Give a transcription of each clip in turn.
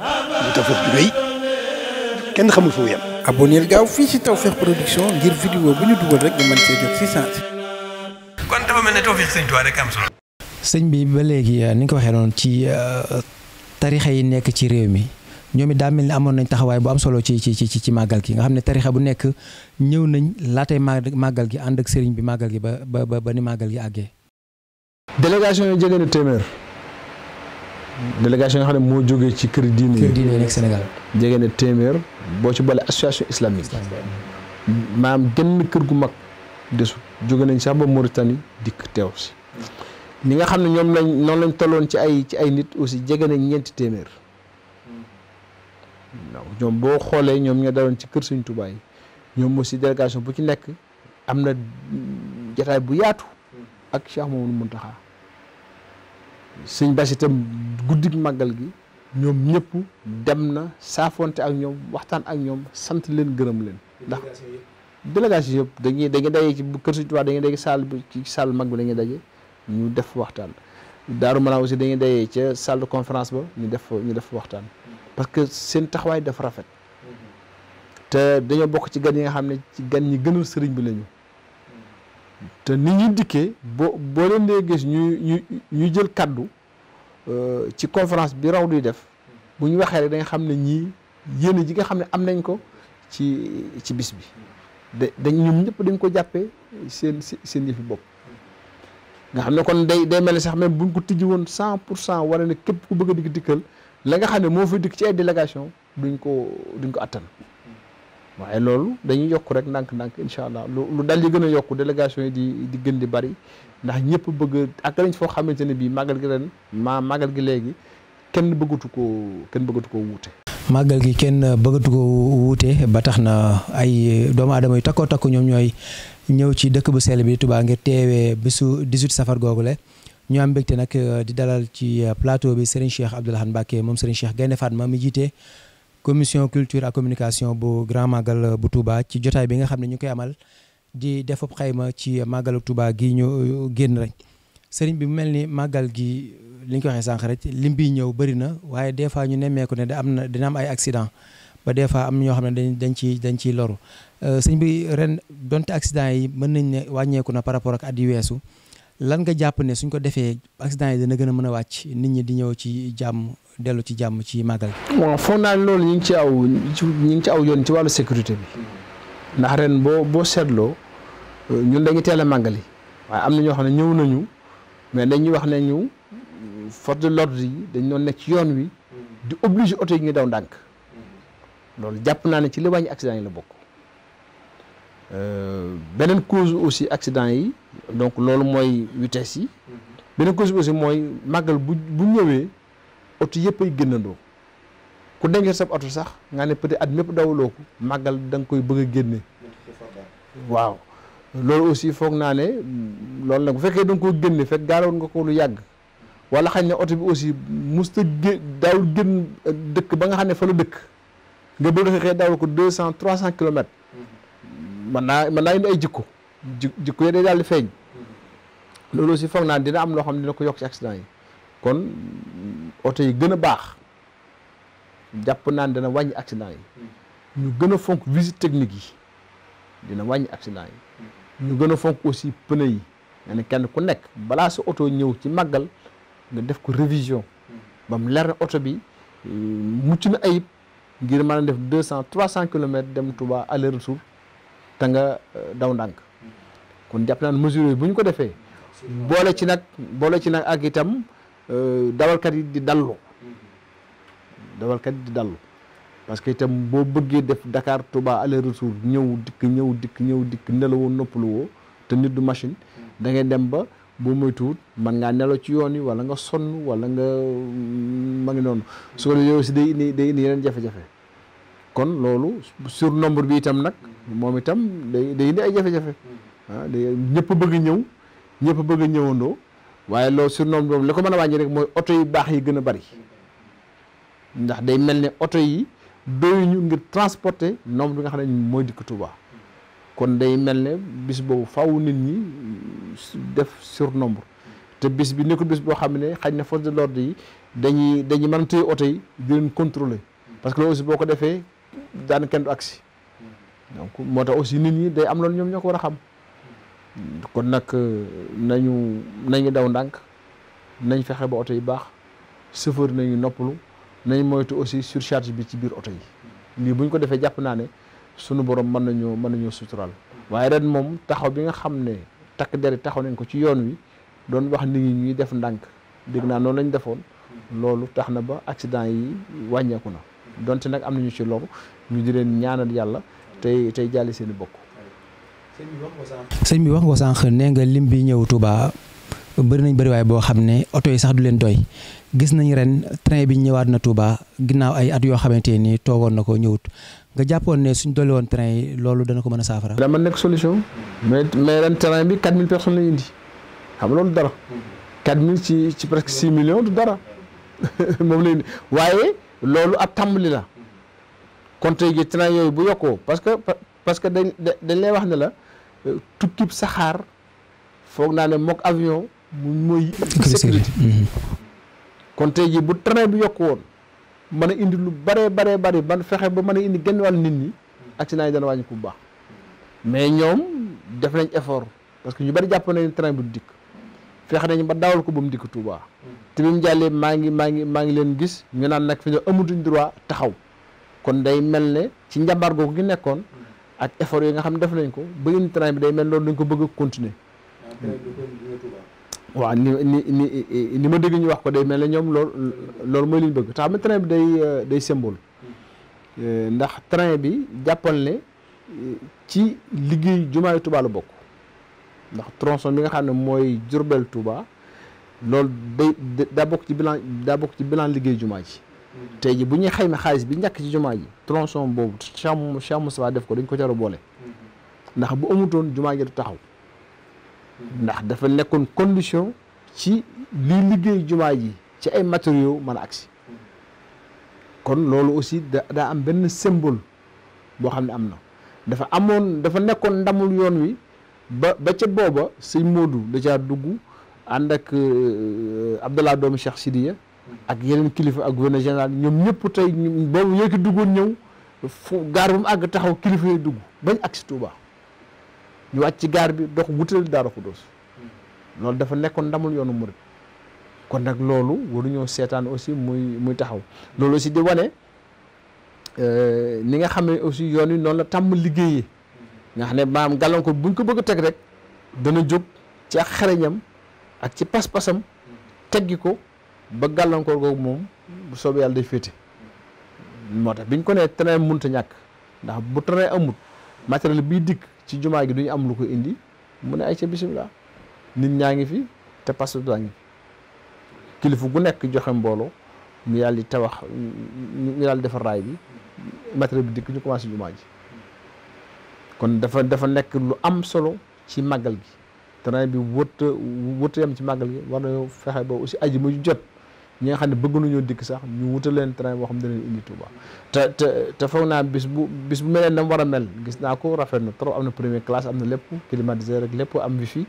muy Tawfekh ju rëy kenn xamul fu mu yem. gaaw fii ci Tawfekh Production ngir vidéo bu ñu dugal rek nga mën see jot si sens. kon dafa mel ne Tawfekh Sëñ Tuubaa rek am solo. sëñ bi ba léegi eh, ni nga ko waxee noonu ci eh, tarixa yi nekk ci réew mi ñoom it daa mel ni amoon nañ taxawaay bu am solo ci ci ci ci màggal gi nga xam ne tarixa bu nekk ñëw nañ laatay màggal gi ànd ak sëriñ bi màggal gi ba ba ba ni màggal gi àggee. délégation yi nga xam ne moo jógee ci kër diine yi. kër diine yi nekk Sénégal. jege na téeméer boo ci boole association islamique. maanaam genn kër gu mag desu jóge nañ sax ba Mauritanie dikk teew si. li nga xam ne ñoom lañ noonu lañ tolloon ci ay ci ay nit aussi jege nañ ñeenti téeméer. waaw ñoom boo xoolee ñoom ñoo daloon ci kër Sëñ Tuubaa yi ñoom aussi délégation bu ci nekk am na jataay bu yaatu. ak Cheikh Mamadou Mountakha. suñ Bass itam guddig màggal gi ñoom ñëpp dem na saafonte ak ñoom waxtaan ak ñoom sant leen gërëm leen ndax délégation yëpp dañuy dañuy daje ci kër Sëñ Tuubaa dañuy daje salle bi ci salle mag bi dañuy daje ñu def waxtaan daaru maanaam aussi dañuy daje ca salle de conférence ba ñu def ñu def waxtaan parce que seen taxawaay dafa rafet mm-hmm. te dañoo bokk ci gan yi nga xam ne ci gan ñi gënul sëriñ bi lañu te ni ñu dikkee boo boo leen dee gis ñu ñu ñu jël kaddu euh, ci conférence bi raw duy def bu ñu waxee rek da xam ne ñii yéene ji nga xam ne am nañ ko ci ci bis bi da dañ ñoom ñëpp dañ ko jàppee seen seen yëfi bopp nga xam ne kon day day mel ni sax même buñ ko tijji woon cent pour cent wala ne képp ku bëgg a dikk dikkal la nga xam ne moo fi dikk ci ay délégation duñ ko duñ ko àttan waaye loolu dañuy yokk rek ndànk-ndànk incha allah lu lu dal di gën a yokk délégation yi di di gën di bari ndax ñëpp bëgg ak lañ foo xamante ne bii màggal gi ren ma màggal gi léegi kenn bëggatu koo kenn bëggatu koo wuute. gi kenn bëggatu ko wuute ba tax na ay doomu aadama yu takkoo takku ñoom ñooy ñëw ci dëkk bu sell bi Touba ngir teewee bésu 18 safar googule ñu am mbégte nag di dalal ci plateau bi Serigne Cheikh Abdoul Ahad Mbacké moom Serigne Cheikh Gaïndé ma mi jiite. commission culture ak communication bu grand magal euh, bu Touba ci jotaay bi nga xam ne ñu koy amal di def xayma ci màggalu Touba gi ñu euh, génn rek sëriñ bi mu mel ni màggal gi euh, li ñu ko waxee sànq rek lim bi ñëw bëri na waaye des fois ñu nemmeeku ne da am na dina am ay accident ba des fois am ñoo xam ne dañ dañ ciy dañ ciy loru sëriñ bi ren donte accident yi mën nañ ne wàññeeku na par rapport ak at weesu lan nga jàpp ne suñ ko defee accident yi dana gën a mën a wàcc nit ñi di ñëw ci jàmm dellu ci jàmm ci màggal gi. waaw foog naa loolu ñu ngi ci aw ñu ngi ci aw yoon ci wàllu sécurité bi ndax ren boo boo seetloo ñun dañuy teel a màggali waaye am na ñoo xam ne ñëw nañu mais dañuy wax ne ñu force de l'ordre yi dañ doon nekk ci yoon wi di obligé oto yi ñu daw ndànk loolu jàpp naa ne ci li wàññi accident yi la bokk. Euh, beneen cause aussi accident yi donc loolu mooy vitesse yi mhm. beneen cause aussi mooy màggal bu bu ñëwee oto yëpp ay génnandoo ku denc sab oto sax nga ne peut-être at mépp dawloo ko màggal da nga koy bëgg a génne waaw loolu aussi foog naa ne loolu nag bu fekkee da nga koo génne fekk gaaloon nga ko lu yàgg wala xañ ne oto bi aussi musta gé daawul génn euh, dëkk ba nga xam ne fa la dëkk nga bëgg a xëy daawul ko deux cent trois cent kilomètres mën naa man naa indi ay jikko hmm. jikko yi day daal di feeñ hmm. loolu aussi foog naa dina am loo xam dina ko yokk ci accident yi kon oto yi gën a baax jàpp naa ne dana wàññi accident yi hmm. ñu gën a fonk visite technique yi dina wàññi accident yi ñu gën a fonk aussi pneu yi nga ne kenn ku nekk balaa si oto ñëw ci màggal nga def ko révision ba mu leer na oto bi eh, mucc na ayib ngir man a def deux cent trois cent kilomètres dem Touba aller retour te nga euh, daw ndànk kon jàpp naan mesure yi bu ñu ko defee boole ci nag boole ci nag ak itam euh, dawalkat yi di dallu dawalkat yi di dallu parce que itam boo bëggee def Dakar tubaa aller retour ñëw dikk ñëw dikk ñëw dikk nelawoo noppaluwoo te nit du machine da ngay dem ba boo moytuwut mën ngaa nelaw ci yoon yi wala nga sonn wala nga mm, ma ngi noonu su ko defee day indi day indi yeneen jafe-jafe kon loolu sur nombre bi itam nag moom itam day day indi ay jafe-jafe mm-hmm. ah ñëpp bëgg ñëw ñëpp bëgg ñëwandoo waaye loolu sur nombre boobu li ko mën a wàññi rek mooy oto yu baax yi gën a bari ndax day mel ne oto yi doyuñu ngir transporter nombre bi nga xam ne mooy dikk Touba kon day mel ne bis boobu faw nit ñi def sur nombre te bis bi nekkul bis boo xam ne xaj na force de l'ordre yi dañuy dañuy mën a téye oto yi di leen contrôler parce que loolu aussi boo ko defee daan kenn du agsi donc moo tax aussi nit ñi day am loolu ñoom ñoo ko war a xam kon nag euh, nañu nañu daw ndànk nañ fexe ba oto yi baax chauffeur nañu noppalu nañ moytu aussi surcharge bi ci biir oto yi lii buñ ko defee jàpp naa ne sunu borom mën nañoo mën nañoo suturaal waaye ren moom taxaw bi nga xam ne takk deri taxaw nañ ko ci yoon wi doon wax nit ñuy def ndànk dégg naa noonu lañ defoon loolu tax na ba accident yi wàññeeku na donte nag am nañu ci loolu ñu di leen ñaanal yàlla tey tey jàll seen bokk. sëñ bi wax nga sànq nee nga lim bi ñëw Touba bëri nañ bëriwaay boo xam ne oto yi sax du leen doy gis nañu ren train bi ñëwaat na Touba ginnaaw ay at yoo xamante ni toogoon na ko ñëwut nga jàppoon ne suñ dolli woon train yi loolu dana ko mën a saafara. dama nekk solution. mais mais ren train bi 4000 personnes la ñu indi xam loolu dara. 4000 ci ci presque 6 millions du dara loolu ab tàmbali la kon tey ji train yooyu bu yokkoo parce que parce que dañ dañ lay wax ne la tukkib saxaar foog naa ne mook avion mu mooy sécurité mm-hmm. kon tey ji bu train bi yokk woon mën a indi lu bare bare bari ban fexe ba mën a indi genn wàll nit ñi accident yi dana wàññi ku bu baax mais ñoom def nañ effort parce que ñu bari jàpp nañ train bu dikk feex nañu ba dawal ko ba mu dikk Touba. te bi mu jàllee maa ngi maa ngi maa ngi leen gis ñu naan nag fi ne amatuñ droit taxaw kon day mel ne ci njabar googu gi nekkoon ak effort yi nga xam ne def nañ ko ba indi bi day mel loolu dañ ko bëgg a continuer. waaw ni ni ma dégg ñu wax ko day mel ne ñoom loolu loolu mooy bëgg tax ma train bi day euh, day symbole. Euh, ndax train bi jàppal euh, ci liggéey jumaayu Touba bokk. ndax tronçon bi nga xam ne mooy Diourbel Touba loolu day daa bokk ci bilan daa bokk ci bilan liggéey jumaa ji tey ji bu ñuy xayma xaalis bi ñàkk ci jumaa ji tronçon boobu Cheikh Cheikh Moustapha def ko dañ ko jar boole ndax bu amutoon jumaa ji du taxaw ndax dafa nekkoon condition ci liy liggéey jumaa ji ci ay matériaux mën a agsi kon loolu aussi da daa am benn symbole boo xam ne am na dafa amoon dafa nekkoon ndamul yoon wi ba ba ca booba sëñ Modou da caa dugg ànd ak euh, Abdallah doomu Cheikh Sidiya ak yeneen kilifa ak gouverneur général ñoom ñëpp tey boobu yooyu ki duggoon ñëw fu gaar bu mu àgg taxaw kilifa yi dugg bañ ak si Touba ñu wàcc ci gaar bi dox wutal Daaru Xudoos loolu dafa nekkoon ndamul yoonu murit kon nag loolu waruñoo seetaan aussi muy muy taxaw loolu aussi di wane euh, ni nga xam ne aussi yoon yi noonu la tàmm liggéeyee nga xam ne maam gàllankoor buñ ko bëgg a teg rek dana jóg ci ak xarañam ak ci pas-pasam teggi ko ba gàllankoor googu moom bu soobee yàlla day féete moo tax biñ ko nee train mënut a ñàkk ndax bu train amut matériel biy dikk ci jumaa gi duñ am lu ko indi mu ne ay ca bisimilah nit ñaa ngi fi te pas daa ngi kilifa gu nekk joxe mbooloo mu yàlla di tabax ñu yàlla defar raay bi matériel bi dikk ñu commencé jumaa ji kon dafa dafa nekk lu am solo ci màggal gi train bi wëtt wëtt yam ci màggal gi war nañoo fexe ba aussi aji mu jot ñi xam ne bëgg nañoo dikk sax ñu wutal leen train boo xam ne dinañ indi Touba te te te foog naa bis bu bis bu meleen nam war a mel gis naa ko rafet na trop am na première classe am na lépp climatisé rek lépp am wi fii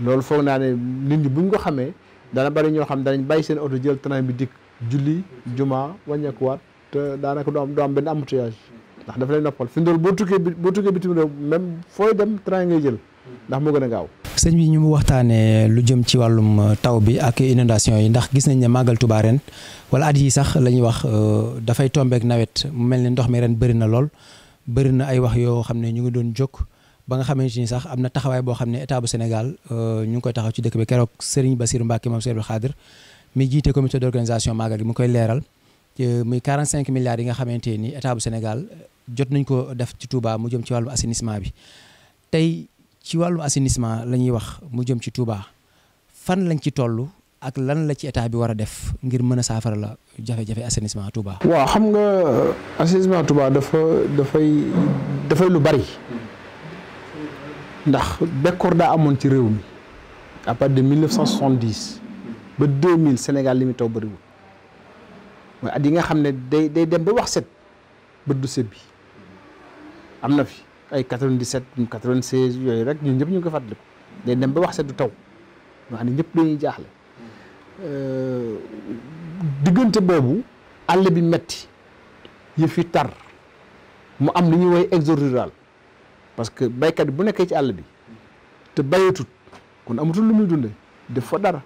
loolu foog naa ne nit ñi buñ ko xamee dana bari ñoo xam danañ bàyyi seen oto jël train bi dikk julli juma wàññeekuwaat te daanaka du am du am benn ndax dafa lay noppal fi mu doon boo tukkee boo tukkee bitim réew même fooy dem train ngay jël ndax moo gën a gaaw. sëñ bi ñu mu waxtaanee lu jëm ci wàllum euh, taw bi ak inondation yi ndax gis nañ ne màggal Tuubaa ren wala at yi sax la ñuy wax euh, dafay tombeek nawet mu mel ni ndox mi ren bëri na lool bëri na ay wax yoo xam ne ñu ngi doon jóg ba nga xamante ni sax am na taxawaay boo xam ne état bu Sénégal euh, ñu ngi koy taxaw ci dëkk bi keroog Serigne Bassirou Mbacke moom Serigne Khadir mi jiite comité d'organisation màggal gi mu koy leeral. muy 45 milliards yi nga xamante ni état bu Sénégal euh, jot nañ ko def ci Touba mu jëm ci wàllu assainissement bi tey ci wàllu assainissement la ñuy wax mu jëm ci Touba fan lañ ci toll ak lan la ci état bi war a def ngir mën a saafara la jafe-jafe assainissement Touba. waaw xam nga euh, assainissement Touba dafa dafay dafay lu bari ndax bekkoor daa amoon ci réew mi à partir de 1970 ba 2000 Sénégal li mu taw bariwul. mooy at yi nga xam ne day day dem ba wax set bët du sëb am na fi ay 97 96 yooyu rek ñun ñëpp ñu ngi ko fàttaliku day dem ba wax set du taw wax xam ne ñëpp dañuy jaaxle euh, diggante boobu àll bi metti yëf yi tar mu am lu ñuy woy exode rural parce que baykat bi bu nekkee ci àll bi te bayatut kon amatul lu muy dunde def fa dara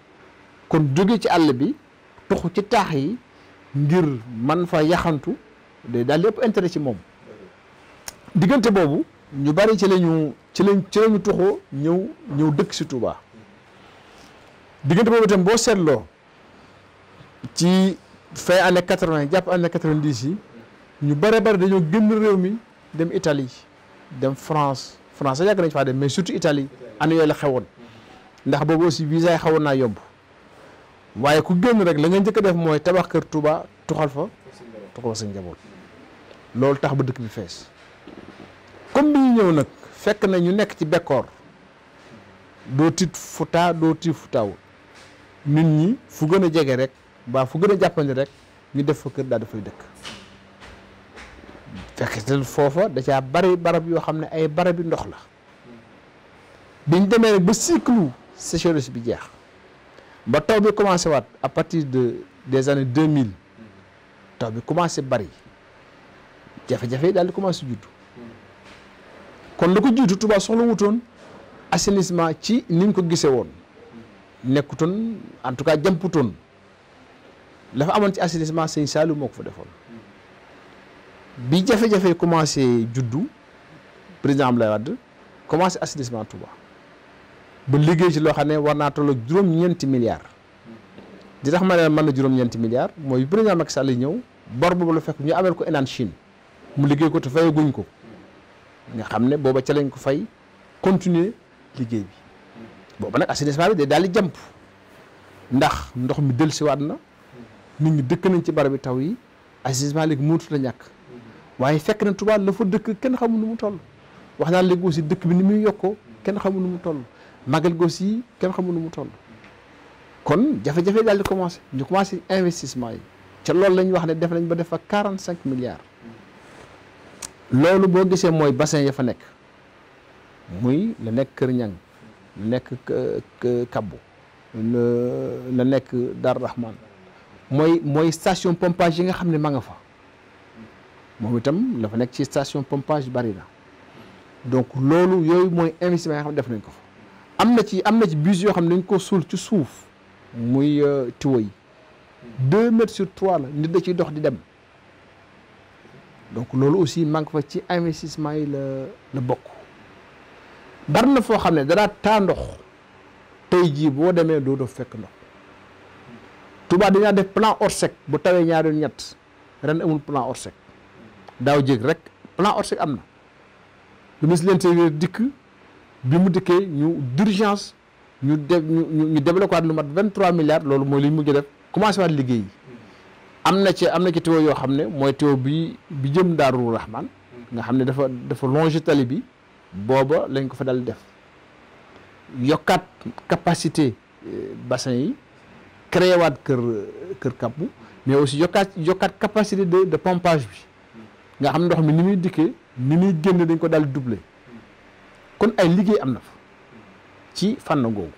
kon jóge ci àll bi toxu ci taax yi ngir man fa yaxantu day dal lépp intérêt ci moom diggante boobu ñu bari ci lañu ci lañ ci lañu tuxoo ñëw ñëw dëkk si Touba diggante boobu itam boo seetloo ci fin anne quatre-vingt jàpp année quatre-vingt-dix yi ñu bare bari dañoo génn réew mi dem Italie dem France France yàgg nañ faa dem mais surtout Italie anne yooyu la xewoon ndax boobu aussi visa yi xawoon naa yomb waaye ku génn rek la nga njëkk a def mooy tabax kër Touba tuxal fa tuxal sa njaboot loolu tax ba dëkk bi fees comme bi ñu ñëw nag fekk na ñu nekk ci bekkoor doo tiit fu taa doo tiit fu taw nit ñi fu gën a jege rek mbaa fu gën a jàppandi rek ñu def fa kër daal dafay dëkk fekk te foofa da caa bari barab yoo xam ne ay barabi ndox la biñ demee rek ba cycle sécheresse bi jeex ba taw bi commencé waat à partir de des années 2000 taw bi commencé bari jafe-jafe daal di commencé juddu kon lu ko jiitu Touba soxla wutoon assainissement ci ni ñu ko gisee woon nekkutoon en tout cas jàmputoon la fa amoon ci assainissement sëñ Saliou moo ko fa defoon bi jafe-jafe commencé juddu président la Wade commencé assainissement Touba ba liggéey si loo xam ne war naa toll ak juróom-ñeenti milliards di tax ma ne man la juróom-ñeenti milliards mooy président Macky Sall ñëw bor boobu la fekk ñu amel ko enaan Chine mu liggéey ko te fayaguñ ko nga xam ne booba ca lañ ko fay continuer liggéey bi booba nag assainissement bi day daal di jàmp ndax ndox mi dellusiwaat na nit ñi dëkk nañ ci barabi taw yi assainissement léegi mënatu la ñàkk waaye fekk na Tuubaa la fa dëkk kenn xamul nu mu toll wax naa léegi aussi dëkk bi ni muy yokkoo kenn xamul nu mu toll magal gos yi kenn xamul nu mu toll kon jafe-jafe daal di commencé ñu commencé investissement yi ca loolu la ñu wax ne def nañ ba def fa quarante cinq milliards loolu boo gisee mooy bassin ya fa nekk muy la nekk Kër Ñang la nekk Kabbu la nekk Dar Rahman mooy mooy station pompage yi nga xam ne ma nga fa moom itam la fa nekk ci station pompage bari na donc loolu yooyu mooy investissement yi nga xam ne def nañ ko fa am na ci am na ci bus yoo xam ne dañ ko suul ci suuf muy euh, tiwo yi deux mètres sur la nit da ciy dox di dem donc loolu aussi manque fa ci investissement yi la bokk bari na foo xam ne danaa taa ndox tey jii boo demee doo doo fekk ndox Touba dañaa def plan Orsec bu tawee ñaari ñett ren amul plan Orsec daaw jéeg rek plan Orsec am na lu mis leen servir dikk bi mu dikkee ñu dirigence ñu def ñu ñu débloqué waat lu mat vingt trois milliards loolu mooy li ñu mujj def commencé waat liggéey yi am na ci am na ci tuyau yoo xam ne mooy tuyau bi bi jëm Daaru Rahman nga xam ne dafa dafa longe tali bi booba lañ ko fa dal def yokkaat capacité euh, bassin yi créé waat kër kër kàbbu mais aussi yokkaat yokkaat capacité de de pompage bi nga xam ndox mi ni muy dikkee ni muy génn dañ ko dal doubler kon ay liggéey am na fa ci fànn googu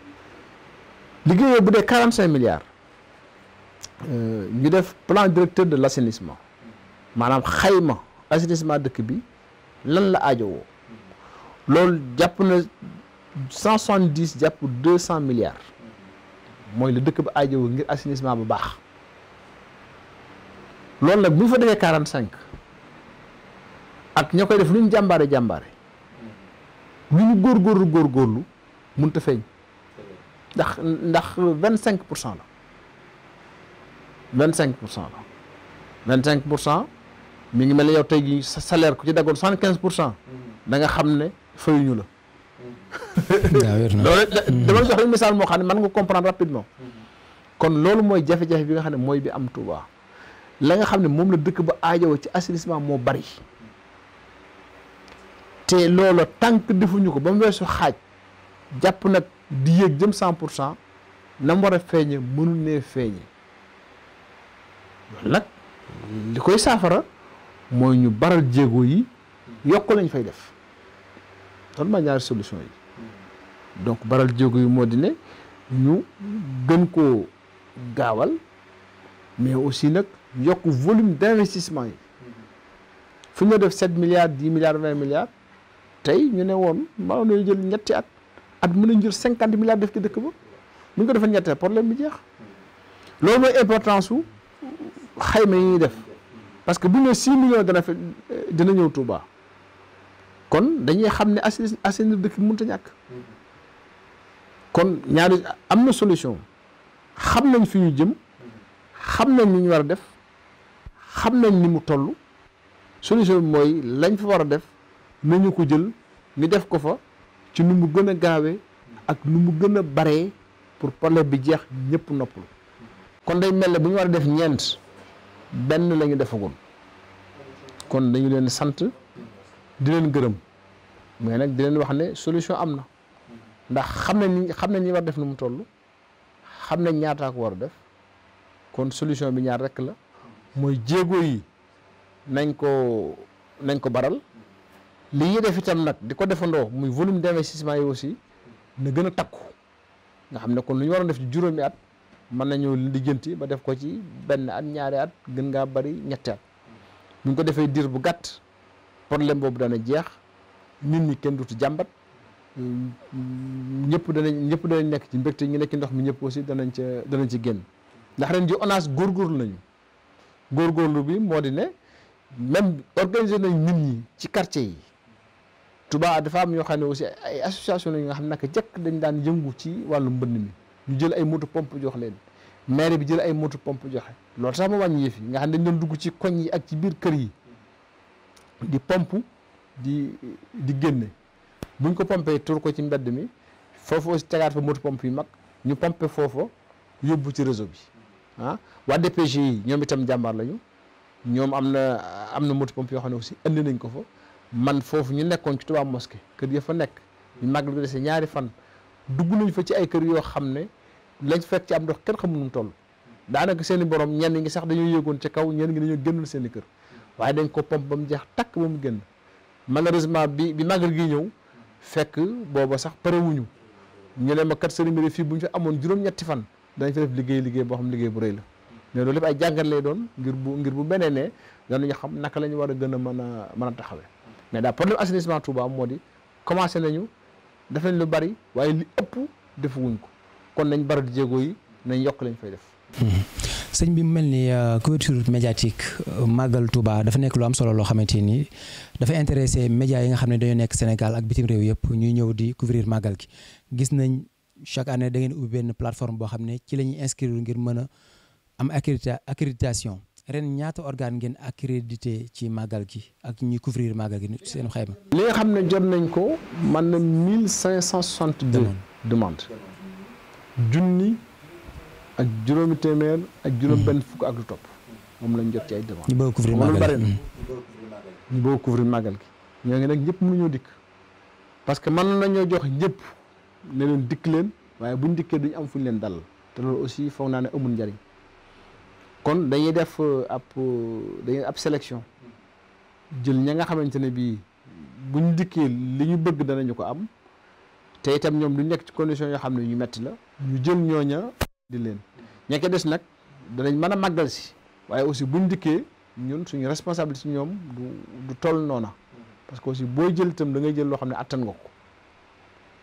liggéey bu dee quarante cinq milliards euh, ñu def plan directeur de l' assainissement maanaam xayma assainissement dëkk bi lan la aajowoo loolu jàpp na cent soixante dix jàpp deux cent milliards mooy la dëkk ba aajowoo ngir assainissement bu baax loolu nag bu ñu fa defee quarante cinq ak ña koy def lu jàmbaare jàmbaare lu ñu góor góorlu mun a feeñ ndax ndax vingt cinq pour cent la vingt cinq pour cent la cinq pour cent mi ngi mel ne yow tey jii sa salaire ku ci daggoon cent quinze pour cent da nga xam ne fayuñu la loolu mm. dama jox rek misaal moo xam ne mën nga comprendre rapidement kon loolu mooy jafe-jafe bi nga xam ne mooy bi am Touba la nga xam ne moom la dëkk ba aajowoo ci assainissement moo bari te loola tànk defuñu ko ba mu weesu xaaj jàpp nag di yéeg jëm cent pour cent na mu war feeñe mënul nee feeñe loolu nag li koy saafara mooy ñu baral jéego yi yokk lañ fay def loolu ma ñaari solution yi donc baral jéego yi moo di ne ñu gën koo gaawal mais aussi nag yokk volume d'investissement yi fu ñu def set milliards dix milliards vingt tey ñu ne woon maa ngi jël ñetti at at mën nañ jël cinquante milliards def ci dëkk ba mu ñu ko defee ñetteel problème bi jeex loolu mooy importance su xayma yi ñuy def parce que bu ñu nee six millions dana fi dina ñëw Touba kon dañuy xam ne assi assainir dëkk bi mënut a ñàkk kon ñaari am na solution xam nañ fi ñu jëm xam nañ ni ñu war a def xam nañ ni mu toll solution mooy lañ fa war a def. nañu ko jël ñu def ko fa ci nu mu gën a gaawe ak nu mu gën a baree pour problème bi jeex ñëpp noppalu kon day mel ne bu war a def ñeent benn la ñu defagul kon dañu leen sant di leen gërëm mais nag di leen wax ne solution am na ndax xam nañ ni xam nañ ñi war def nu mu toll xam nañ ñaataa ko war a def kon solution bi ñaar rek la mooy jéego yi nañ ko nañ ko baral li ñuy def itam nag di ko defandoo muy volume d' investissement yi aussi na gën a takku nga xam ne kon lu ñu waroon def ci juróomi at mën nañoo lijjanti ba def ko ci benn at ñaare at gën ngaa bari ñetti at bu ko defee diir bu gàtt problème boobu dana jeex nit ñi kenn dutu jàmbat ñëpp danañ ñëpp danañ nekk ci mbégte ñu nekk ci ndox mi ñëpp aussi danañ ca danañ ci génn ndax ren ji góor góorgóorlu nañu góor góorlu bi moo di ne même organiser nañ nit ñi ci quartier yi tubaa dafa am yoo xam ne aussi ay association lañu nga xam ne naka jëkk dañ daan yëngu ci wàllu mbënd mi ñu jël ay moto pompe jox leen maire bi jël ay moto pompe joxe lool sax ma wàññi yëf yi nga xam ne dañ doon dugg ci koñ yi ak ci biir kër yi di pompe di di génne buñ ko pompee tur ko ci mbedd mi foofu aussi tegaat fa moto pompe yu mag ñu pompe foofa yóbbu ci réseau bi ah waa DPG yi ñoom itam jàmbaar lañu ñoom am na am na moto pompe yoo xam ne aussi andi nañ ko fa man foofu ñu nekkoon ci Touba moske kër ya fa nekk ñu màggal ko dese ñaari fan dugg nañ fa ci ay kër yoo xam ne lañ fekk ci am ndox kenn xamul nu mu toll daanaka seen borom ñenn ngi sax dañoo yéegoon ci kaw ñenn ngi dañoo génnul seen i kër waaye dañ ko pompe ba mu jeex takk ba mu génn malheureusement bi bi màggal gi ñëw fekk booba sax parewuñu ñu ne ma kat sëriñ bi fii bu ñu fi amoon juróom-ñetti fan danañ fi def liggéey liggéey boo xam liggéey bu rëy la mais loolu lépp jàngat lay doon ngir bu ngir bu benee ne danañu xam naka la war a gën a mën a mën a taxawee mais daal problème assainissement Touba moo di commencé nañu def nañ lu bari waaye li ëpp defuwuñ ko kon nañ bari di jéego yi nañ yokk lañ fay def. sëñ bi mu mel ni euh, couverture médiatique euh, màggal Touba dafa nekk lu am solo loo xamante nii dafa intéressé médias yi nga xam ne dañoo nekk Sénégal ak bitim réew yëpp ñuy ñëw di couvrir màggal gi gis nañ chaque année da ngeen ubbi benn plateforme boo xam ne ci la ñuy ngir mën a am accréditation. ren ñaata organe ngeen accrédité ci màggal gi ak ñi couvrir màggal gi seen xayma. li nga xam ne jot nañ ko man na mille cinq cent soixante deux demande junni ak juróomi téeméer ak juróom benn fukk ak lu topp moom lañ jot ci ay demande ñu bëgg couvrir màggal gi ñu bëgg couvrir màggal gi ñoo nag ñëpp dikk parce que mën nañoo jox ñëpp ne leen dikk leen waaye buñ dikkee duñ am fuñ leen dalal te loolu aussi foog naa ne amul njariñ kon dañuy def euh, ab euh, dañuy ab sélection jël ña nga xamante ne bii buñ dikkee li ñu bëgg danañu ko am te itam ñoom du nekk ci condition yoo xam ne ñu metti la ñu jël ñooña di leen ñekke des nag danañ mën a màggal si waaye aussi buñ dikkee ñun suñu responsabilité si ñoom du du toll noona parce que aussi booy jël itam da ngay jël loo xam ne attan nga ko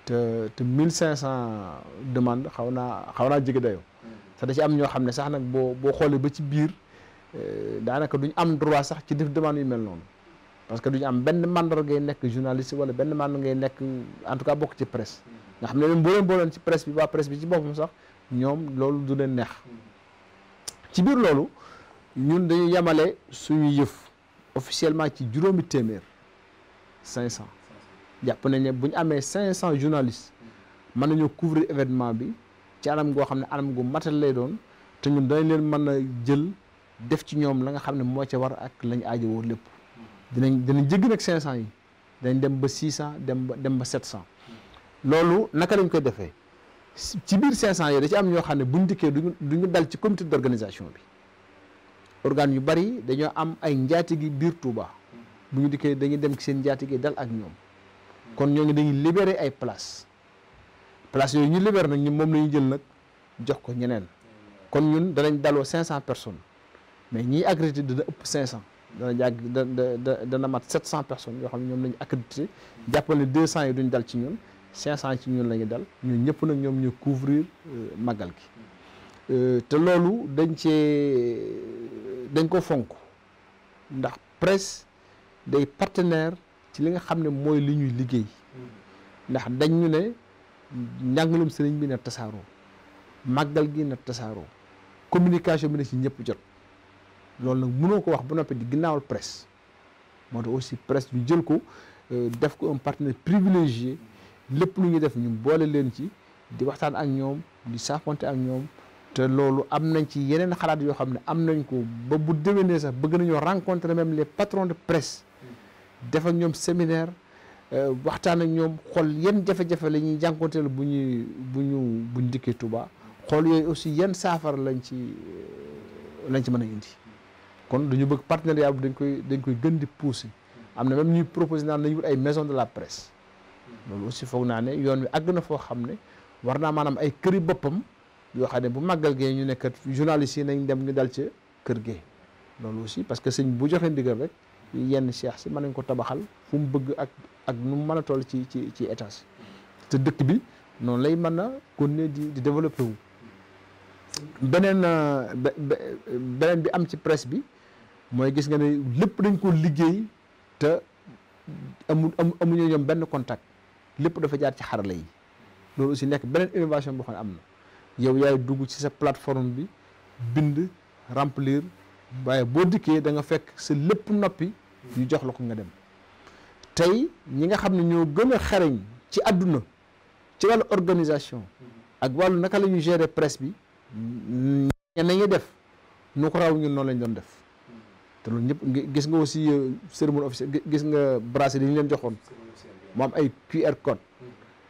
te te mille cinq cent demande xaw naa xaw naa jege dayoo te da ci am ñoo xam ne sax nag boo boo xoolee ba ci biir euh, daanaka duñ am droit sax ci def demande yu mel noonu parce que duñu am benn mandor ngay nekk journaliste wala benn mandor ngay nekk en tout cas bokk ci presse nga xam ne même boo leen ci presse bi waa presse bi ci boppam sax ñoom loolu du leen neex ci biir loolu ñun dañu yemale suñu yëf officiellement ci juróomi téeméer cinq cent jàpp nañ ne bu ñu amee cinq cent journalistes mën nañoo couvrir événement bi ci anam goo xam ne anam gu matal lay doon te ñun dañ leen mën a jël def ci ñoom la nga xam ne moo ca war ak lañ aajowoo lépp dinañ dinañ jégg nag 500 yi dañ dem ba 600 dem ba dem ba 700 loolu naka lañ koy defee ci biir 500 yi da ci am ñoo xam ne buñ dikkee duñu duñu dal ci comité d'organisation bi organes yu bari dañoo am ay njaatige biir Touba bu ñu dikkee dañuy dem ci seen njaatige dal ak ñoom kon ñooñu dañuy libérer ay place place yooyu ñu libéré nag ñun moom la jël nag jox ko ñeneen kon ñun danañ daloo cinq cent personnes mais ñiy accrédité dana ëpp cinq cent dana jàgg da dana mat sept cent personnes yoo xam ne ñoom la ñu accrédité jàppal ne cent yi duñ dal ci ñun cinq cent ci ñun lañu dal ñun ñëpp nag ñoom ñu couvrir euh, màggal gi euh, te loolu dañ cee dañ ko fonk ndax presse day partenaire ci li nga xam ne mooy li ñuy liggéey ndax dañ ne njàngalum sëriñ bi na tasaaroo màggal gi na tasaaroo communication bi na ci ñëpp jot loolu nag mënoo ko wax ba noppi di ginnaawal presse moo tax aussi presse ñu jël ko euh, def ko un partenaire privilégié lépp lu ñuy def ñu boole leen ci di waxtaan ak ñoom di saafonte ak ñoom te loolu am nañ ci yeneen xalaat yoo xam ne am nañ ko ba bu nee sax bëgg nañoo rencontrer même les patrons de presse defal ñoom séminaire Euh, waxtaan ak ñoom xool yan jafe-jafe la ñuy jànkuwanteel bu ñuy bu ñu bu dikkee tubaa xool yooyu aussi yan saafara lañ ci euh, lañ ci mën a indi kon dañu bëgg partenariat bi dañ koy dañ koy gën di pousser am na même ñuy proposé naa nañu bu ay maison de la presse loolu aussi foog naa ne yoon wi àgg na foo xam ne war naa maanaam ay këri boppam yoo xam ne bu màggal gee ñu nekkat journalistes yi nañ dem ñu dal ci kër gee loolu aussi parce que sëñ bu joxe ndigal rek. yenn cheikh si mën nañ ko tabaxal fu mu bëgg ak ak nu mu mën a toll ci ci ci étage te dëkk bi noonu lay mën a continuer di di développé wu. beneen euh, beneen bi am ci presse bi mooy gis nga ne lépp dañ ko liggéey te amu amuñu ñoom benn contact lépp dafa jaar ci xarala yi loolu si nekk beneen innovation boo xam ne am na yow yaay dugg ci sa plateforme bi bind remplir. waaye boo dikkee danga fekk sa lépp noppi ñu jox la ko nga dem tey ñi nga xam ne ñoo gën a ci àdduna ci wàllu organisation ak wàllu naka la ñuy gérer presse bi ñenn def nu ko raw ñun noonu lañ doon def te loolu ñëpp gis nga aussi euh, cérémonie officielle gis nga bracelet yi ñu leen joxoon moo am ay QR code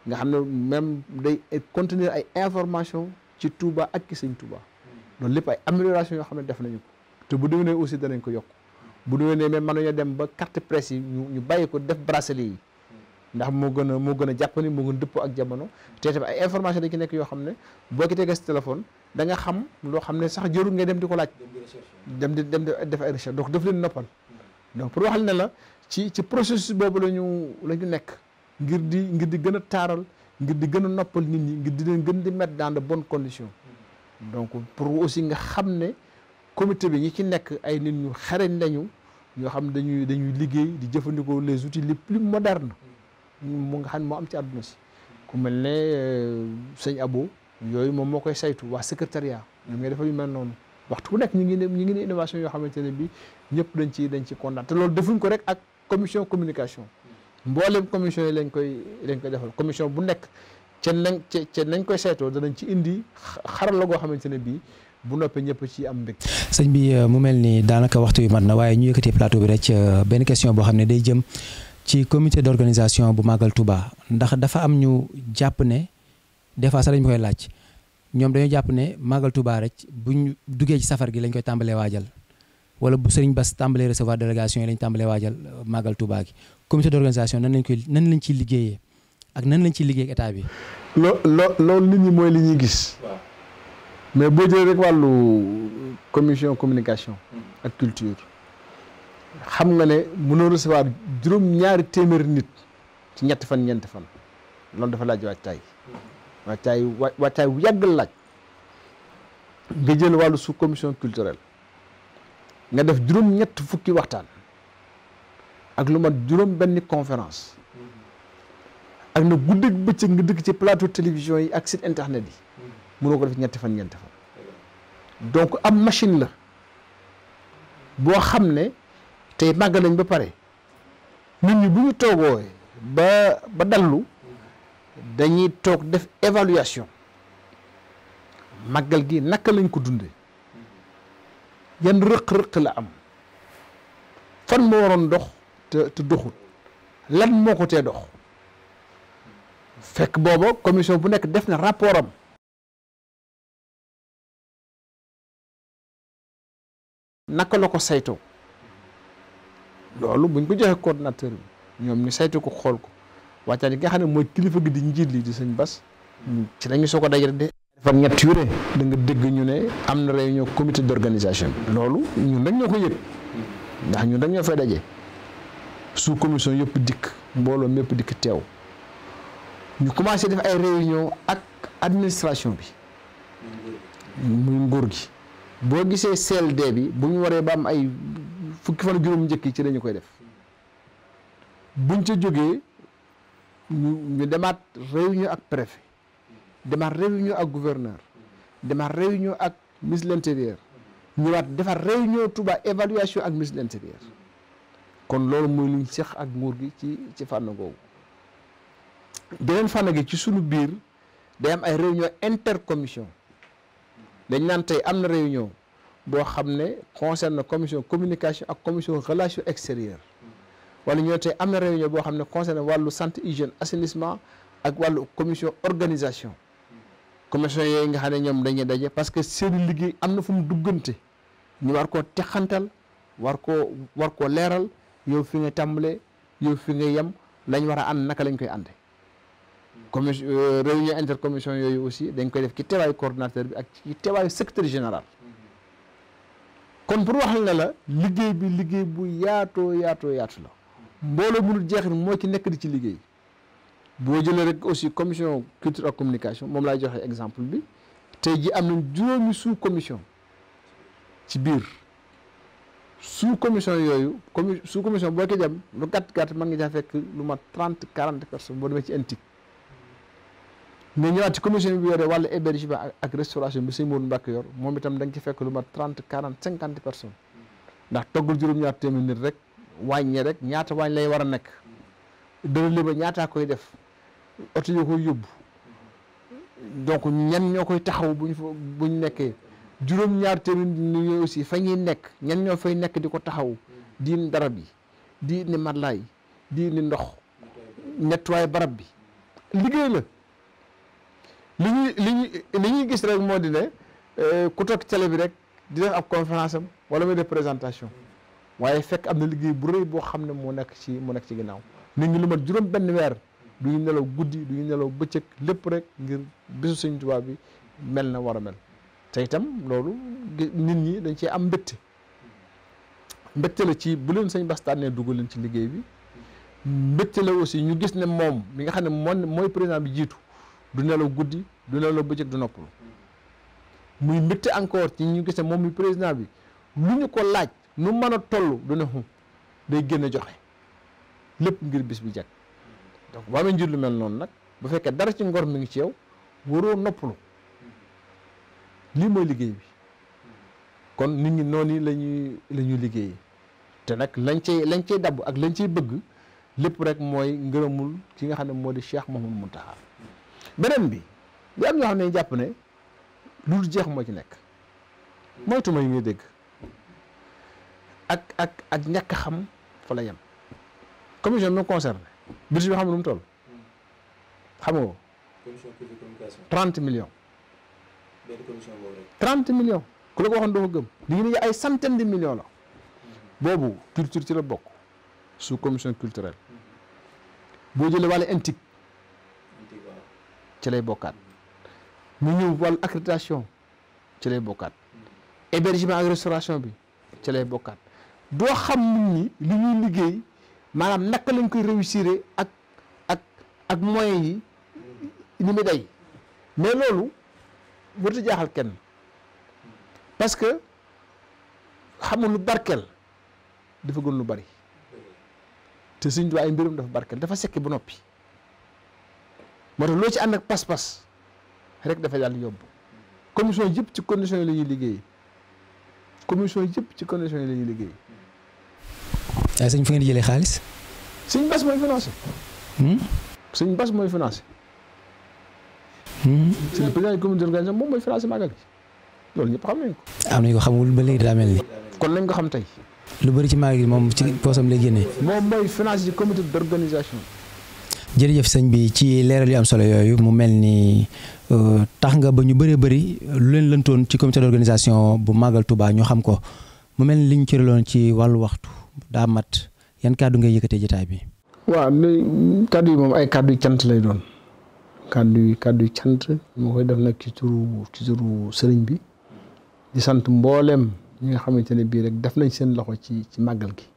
nga xam ne même day contenir ay information ci Touba ak ki sëñ Touba loolu lépp ay amélioration yoo xam ne def nañu ko te bu déwénee aussi danañ ko yokk bu déwénee même mënuñu dem ba carte presse yi ñu bàyyi ko def bracelet yi ndax moo gën a moo gën a jàppani moo gën ak jamono te tamit ay information dañ nekk yoo xam ne boo ko tegee si da nga xam loo xam ne sax jërul nga dem di ko laaj dem di dem def ay recherche donc daf leen noppal donc pour waxal ne la ci ci processus boobu la ñu la ñu nekk ngir di ngir di gën a taaral ngir di gën a noppal nit ñi ngir di leen gën di mettre dans de bonnes conditions mm-hmm. donc pour aussi nga ne comité bi ñi ci nekk ay nit ñu xarañ lañu ñoo xam dañuy dañuy liggéey di jëfandikoo les outils les plus modernes mu nga xam ne moo am ci àdduna si ku mel ne euh, sëñ Abo yooyu moom moo koy saytu waa secrétariat ñoom ñooy dafa yu mel noonu waxtu bu nekk ñu ngi ne ñu ngi ne innovation yoo xamante ne bi ñëpp dañ ci dañ ci kontaan te loolu defuñ ko rek ak commission communication mbooleem commission yi lañ koy lañ koy defal commission bu nekk cen nañ ca nañ koy saytoo danañ ci indi xarala goo xamante ne bii bu noppee ñëpp ci am mbég. sëñ bi euh, mu mel ni daanaka waxtu yu mat na waaye ñu yëkkati plateau bi rek euh, benn question boo xam ne day jëm ci comité d'organisation bu Magal Touba ndax dafa am ñu jàpp ne des fois dañ koy laaj ñoom dañoo jàpp ne Magal Touba rek buñ duggee ci safar gi lañ koy tàmbalee waajal wala bu Sëriñ Bass tàmbalee recevoir délégation yi lañ tàmbalee waajal euh, Magal Touba gi comité d'organisation nan lañ koy nan lañ ciy liggéeyee ak nan lañ ciy liggéey ak état bi. loo loo loolu nit ñi mais boo jëlee rek wàllu commission communication ak culture xam nga ne mënoo recevoir juróom ñaari téeméeri nit ci ñett fan ñeenti fan loon dafa laaj waajtaay waajtaay wa waajtaay bu yàgg laaj nga jël wàllu sous commission culturelle nga def juróom ñett fukki waxtaan ak lu mat juróom benn conférence ak na guddeeg bëccëg nga dëkk ci plateau télévision yi ak si internet yi mënoo ko def ñetti fan ñeenti fan donc am machine la boo xam ne tey màgg nañ ba pare nit ñi bu ñu toogoo ba dallu dañuy toog def évaluation màggal gi naka lañ ko dunde yan rëq-rëq la am fan moo waroon dox te te doxut lan moo ko tee dox fekk booba commission bu nekk def na rapport naka la ko saytoo loolu buñ ko joxee coordinateur bi ñoom ñu saytu ko xool ko wàccaan yi nga xam ne mooy kilifa gi di njiit lii di sëñ Bas ci la ñu soo ko dajale de dafa ñett yu da nga dégg ñu ne am na réunion comité d'organisation loolu ñun rek ñoo ko yëg ndax ñu rek ñoo fay daje su commission yëpp dikk mbooloo yëpp dikk teew ñu commencé def ay réunion ak administration bi muy nguur gi boo gisee CLD bi bu ñu waree ba am ay fukki fan juróom njëkk yi ci lañu koy def buñ ca jógee ñu demaat réunion ak préfet demaat réunion ak gouverneur demaat réunion ak ministre de l'intérieur ñëwaat defar réunion tubaab évaluation ak ministre l'intérieur kon loolu mooy luñ seq ak nguur gi ci ci fànn googu beneen fànn gi ci sunu biir day am ay réunion intercommission dañ naan tey am na réunion boo xam ne concerne commission communication ak commission relation extérieure wala ñoo tey am na réunion boo xam ne concerne wàllu santé hygiène assainissement ak wàllu commission organisation commission yooyu nga xam ne ñoom dañuy daje parce que seeni liggéey am na fu mu duggante ñu war koo texantal war koo war koo leeral yow fi nga tàmbalee yow fi nga yem lañ war a ànd naka lañ koy ànde commission euh, réunion intercommission yooyu aussi dañ koy def ci teewaayu coordonnateur bi ak ci teewaayu secrétaire général kon pour waxal ne la liggéey bi liggéey bu yaatoo yaatoo yaatu la mbooloo jeex jeexit moo ci nekk di ci liggéey boo jëlee rek aussi commission culture ak communication moom laay joxe exemple bi tey ji am nañ juróomi sous commission ci biir sous commission yooyu commi sous commission boo ko jëm lu gàtt gàtt mën ngi caa fekk lu mat trente quarante personnes boo ci antique mais ñëwaat ci commission bi yore wàllu hébergement ak restauration bi sëñ Moodu Mbàkke yor moom itam da nga ci fekk lu mat trente quarante cinquante personnes ndax toggul juróom-ñaar téeméer nit rek wàññi rek ñaata wàññ lay war a nekk dëra li ba koy def oto yoo koy yóbbu donc ñan ñoo koy taxaw buñ fa buñ nekkee juróom-ñaar téeméer nit ñooy aussi fa ñuy nekk ñan ñoo fay nekk di ko taxaw diin darab yi diin ni matlaay diin ni ndox nettoyé barab bi liggéey la li ñuy li ñuy li ñuy gis rek moo di ne eh, ku toog télé bi rek di def ab conférence am wala muy def présentation waaye fekk am na liggéey bu rëy boo xam ne moo nekk ci moo nekk ci ginnaaw nit ñi lu mat juróom benn weer du ñu nelaw guddi du ñu nelaw bëccëg lépp rek ngir bésu Sëñ Tuubaa bi mel na war a mel tey itam loolu nit ñi dañ cee am mbégte mbégte la ci bu leen Sëñ Bass tànnee dugal leen ci liggéey bi mbégte la aussi ñu gis ne moom mi nga xam ne moom mooy président bi jiitu du nelaw guddi du nelaw bëccëg du noppalu muy métti encore ci ñu gis moom mi président bi lu ñu ko laaj nu mën a toll du ne xum day génn joxe lépp ngir bis bi jag donc boo amee lu mel noonu nag bu fekkee dara ci ngor mi ngi ci yow waroo noppalu lii mooy liggéey bi kon nit ñi noonu la lañuy la ñuy liggéeyee te nag lañ cay lañ cay dabb ak lañ ciy bëgg lépp rek mooy ngërëmul ki nga xam ne moo di moom Mouhamadou Mountakha beneen bi li am ñoo xam ne jàpp ne lu dul jeex moo ci nekk moytuma yi ngay dégg ak ak ak ñàkk xam fa la yem commission bi concerné budget bi xam nu mu toll xam nga ko trente millions trente millions ku la ko waxoon doo ko gëm li ngi ay centaine de la mm-hmm. boobu culture ci la bokk su commission culturelle boo jële wàllu intique ci bokkaat mu ñëw wàllu accréditation ci lay bokkaat ak restauration bi ci lay bokkaat doo xam nit ñi li ñuy liggéey maanaam naka lañ koy réussir ak ak ak moyens yi ni mu day mais loolu warut a jaaxal kenn parce xamul lu barkeel dafa gën lu bari te suñ duwaay mbirum dafa barkeel dafa sekki ba noppi moo loo ci ànd ak pas-pas rek dafa daal yóbbu commission yëpp ci condition yi la ñuy liggéey commission yëpp ci condition yi lañuy ñuy liggéey. waaye sëñ fu ngeen jële xaalis. suñ bas mooy financé. sëñ bas mooy financé. Hmm? sëñ le hmm? président moom mooy loolu ñëpp xam nañ ko. am na ñu ko xamul ba léegi daa mel ni. kon nañ ko xam tey. lu bari ci màggal gi moom ci poosam lay génnee. moom mooy financé ci comité d'organisation. jërëjëf sëñ bi ci leeral yu am solo yooyu mu mel ni euh, tax nga ba ñu bëree bëri lu leen lëntoon ci comité d'organisation bu màggal tubaa ñu xam ko mu mel ni li ñu cëraloon ci wàllu waxtu daa mat yan kàddu ngay yëkkatee jotaay bi. waaw kàddu yi moom ay kàddu yu cant lay doon kàddu yi kàddu yi cant moo koy def nag ci turu ci turu sëriñ bi di sant mbooleem ñi nga xamante ne bii rek def nañ seen loxo ci ci màggal gi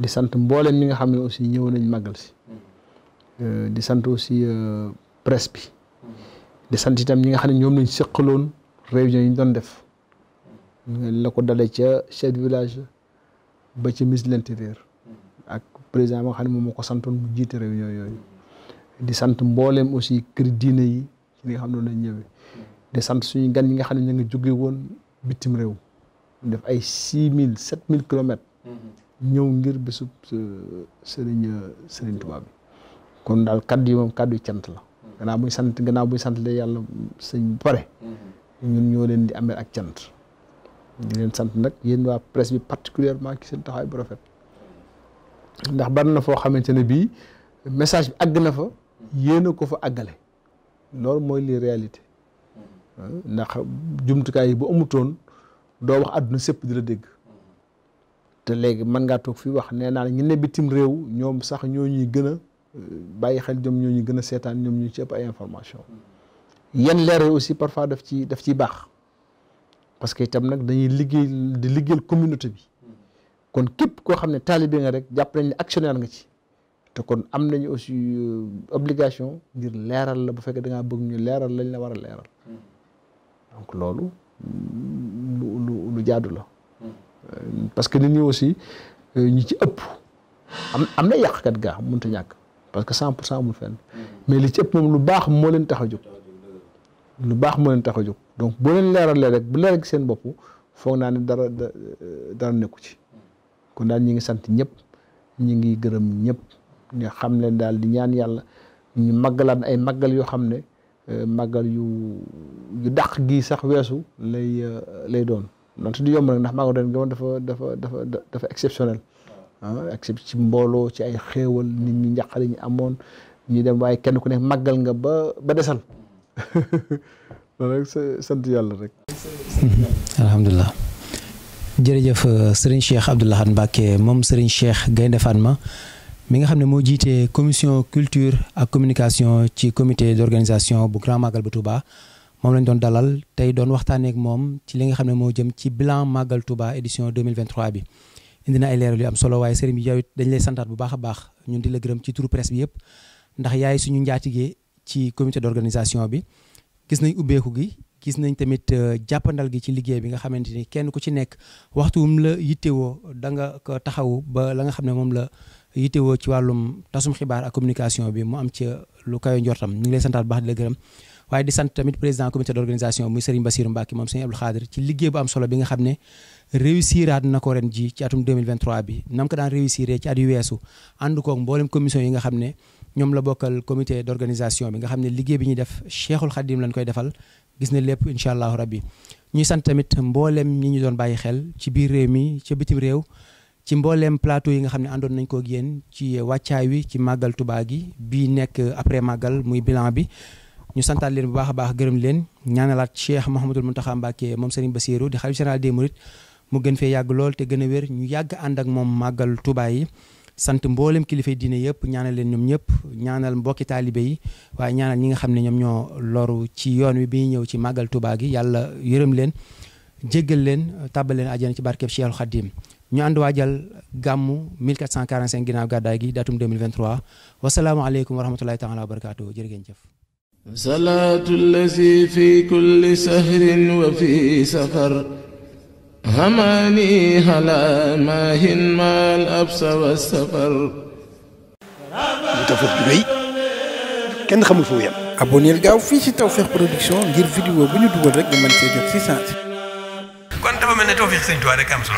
di sant mbooleem ñi nga xam ne aussi ñëw nañ màggal si. Euh, di sant aussi euh, presse bi di sant itam ñi nga xam ne ñoom lañ seqaloon réunion yi ñu doon def la ko dalee ca chef de village ba ci ministre de l'intérieur ak président ma nga xam ne moom moo ko santoon mu jiite réunion yooyu di sant mboolem aussi kër diine yi ci li nga xam ne lañ ñëwee di sant suñu gan ñi nga xam ne ñu ngi jóge woon bitim réew def ay six mille sept mille kilomètres mm-hmm. ñëw ngir bésub sëriñ sëriñ Tuubaa kon daal kaddu yi moom kàddu yi cant la mm-hmm. gannaaw buñ sant gannaaw buñ sant la yàlla sëñ bu pare mm-hmm. ñoo leen di amee ak cant di leen sant nag yéen waa presse bi particulièrement ci seen taxawaay bu rafet ndax bari na foo xamante ne bii message bi àgg na fa mm-hmm. yéen a ko fa àggale loolu mooy li réalité ndax jumtukaay yi bu amutoon doo wax àdduna sëpp di la dégg te léegi mën ngaa toog fii wax nee naa ne ñu ne bitim réew ñoom sax ñoo ñuy gën a bàyyi xel ñoom ñoo ñu gën a seetaan ñoom ñu ci ëpp ay information yenn leeral aussi parfois daf ci daf ciy baax parce que itam nag dañuy liggéey di liggéeyal communauté bi kon képp koo xam ne taalibe nga rek jàpp nañ ne actionnaire nga ci te kon am nañu aussi euh, obligation ngir leeral la bu fekkee da bëgg ñu leeral lañ la war a leeral donc loolu lu lu lu la euh, parce que nit ñi aussi euh, ñu ci ëpp am am na yàqkat gaa mënut a ñàkk parce que cent pour cent amul mais li ci ëpp moom lu baax moo leen tax a jóg lu baax moo leen tax a jóg donc boo leen leeralee rek bu leeral seen bopp foog naa ne dara dara nekku ci kon daal ñu ngi sant ñëpp ñu ngi gërëm ñëpp ñu xam ne daal di ñaan yàlla ñu màggalaan ay màggal yoo xam ne euh, màggal yu yu dàq gi sax weesu lay euh, lay doon wante du yomb rek ndax màggal doon dafa dafa dafa dafa exceptionnel Ah, ak ci mbooloo ci ay xéewal nit ñi njaqare ñu amoon ñu dem waaye kenn ku ne màggal nga ba ba desal loolu rek sant yàlla rek. alhamdulilah. jërëjëf euh, sëriñ Cheikh Abdou Lahad Mbacké moom sëriñ Cheikh Gaynde Fatma mi nga xam ne moo jiitee commission culture ak communication ci comité d'organisation bu Grand màggal bu tubaa moom lañ doon dalal tey doon waxtaanee ak moom ci li nga xam ne moo jëm ci bilan Magal Touba édition 2023 bi. indi na ay leeral yu am solo waaye sëriñ bi yow dañ lay santaat bu baax a baax ñun di la gërëm ci turu presse bi yëpp ndax yaay suñu njaatigee ci comité d'organisation bi gis nañ ubbeeku gi gis nañ tamit euh, jàppandal gi ci liggéey bi nga xamante ni kenn ku ci nekk waxtu mu la yittewoo da nga ko ba la xam ne moom la yittewoo ci wàllum tasum xibaar ak communication bi mu am ci lu kayo njortam ñu ngi lay santaat bu baax di la gërëm waaye di sant tamit président moom Serigne Abdou Khadir ci liggéey bu am solo bi nga xam ne réussiraat na ko ren ji ci atum 2023 bi nam ko daan réussir ci at yu weesu ànd koog mboolem commission yi nga xam ne ñoom la bokkal comité d'organisation bi nga xam ne liggéey bi ñuy def Cheikhul Khadim lañ koy defal gis na lépp incha allahu rabbi ñuy sant tamit mbooleem ñi ñu doon bàyyi xel ci biir réew mi ci bitim réew ci mbooleem plateau yi nga xam ne àndoon nañ koo yéen ci wàccaay wi ci màggal tubaa gi bii nekk après màggal muy bilan bi ñu santaat leen bu baax baax gërëm leen ñaanalaat Cheikh Mouhamadul Mountakha Mbacké moom Serigne Bassirou di xalifa général des mourides mu gën fee yàgg lool te gën a wér ñu yàgg ànd ak moom màggal Tuubaa yi sant mboolem kilifa diine yëpp ñaanal leen ñoom ñëpp ñaanal mbokki taalibe yi waaye ñaanal ñi nga xam ne ñoom ñoo loru ci yoon wi bi ñëw ci màggal tubaa gi yàlla yërëm leen jéggal leen tàbbal leen àjjana ci barkeb Cheikhul Khadim ñu ànd waajal gàmmu 1445 ginnaaw gàddaay gi datum 2023 wasalaamualeykum wa rahmatullahi taala wa barakaatu jërë ngeen jëf salaatu lazi fi kulli sahrin wa fi safar هماني هلا ماهن مال أبس والسفر Tawfekh jugee kenn xamul fu yem. abonneel gaaw fii ci Tawfekh production ngir vidéo bu ñu dugal rek nga mën see jot kon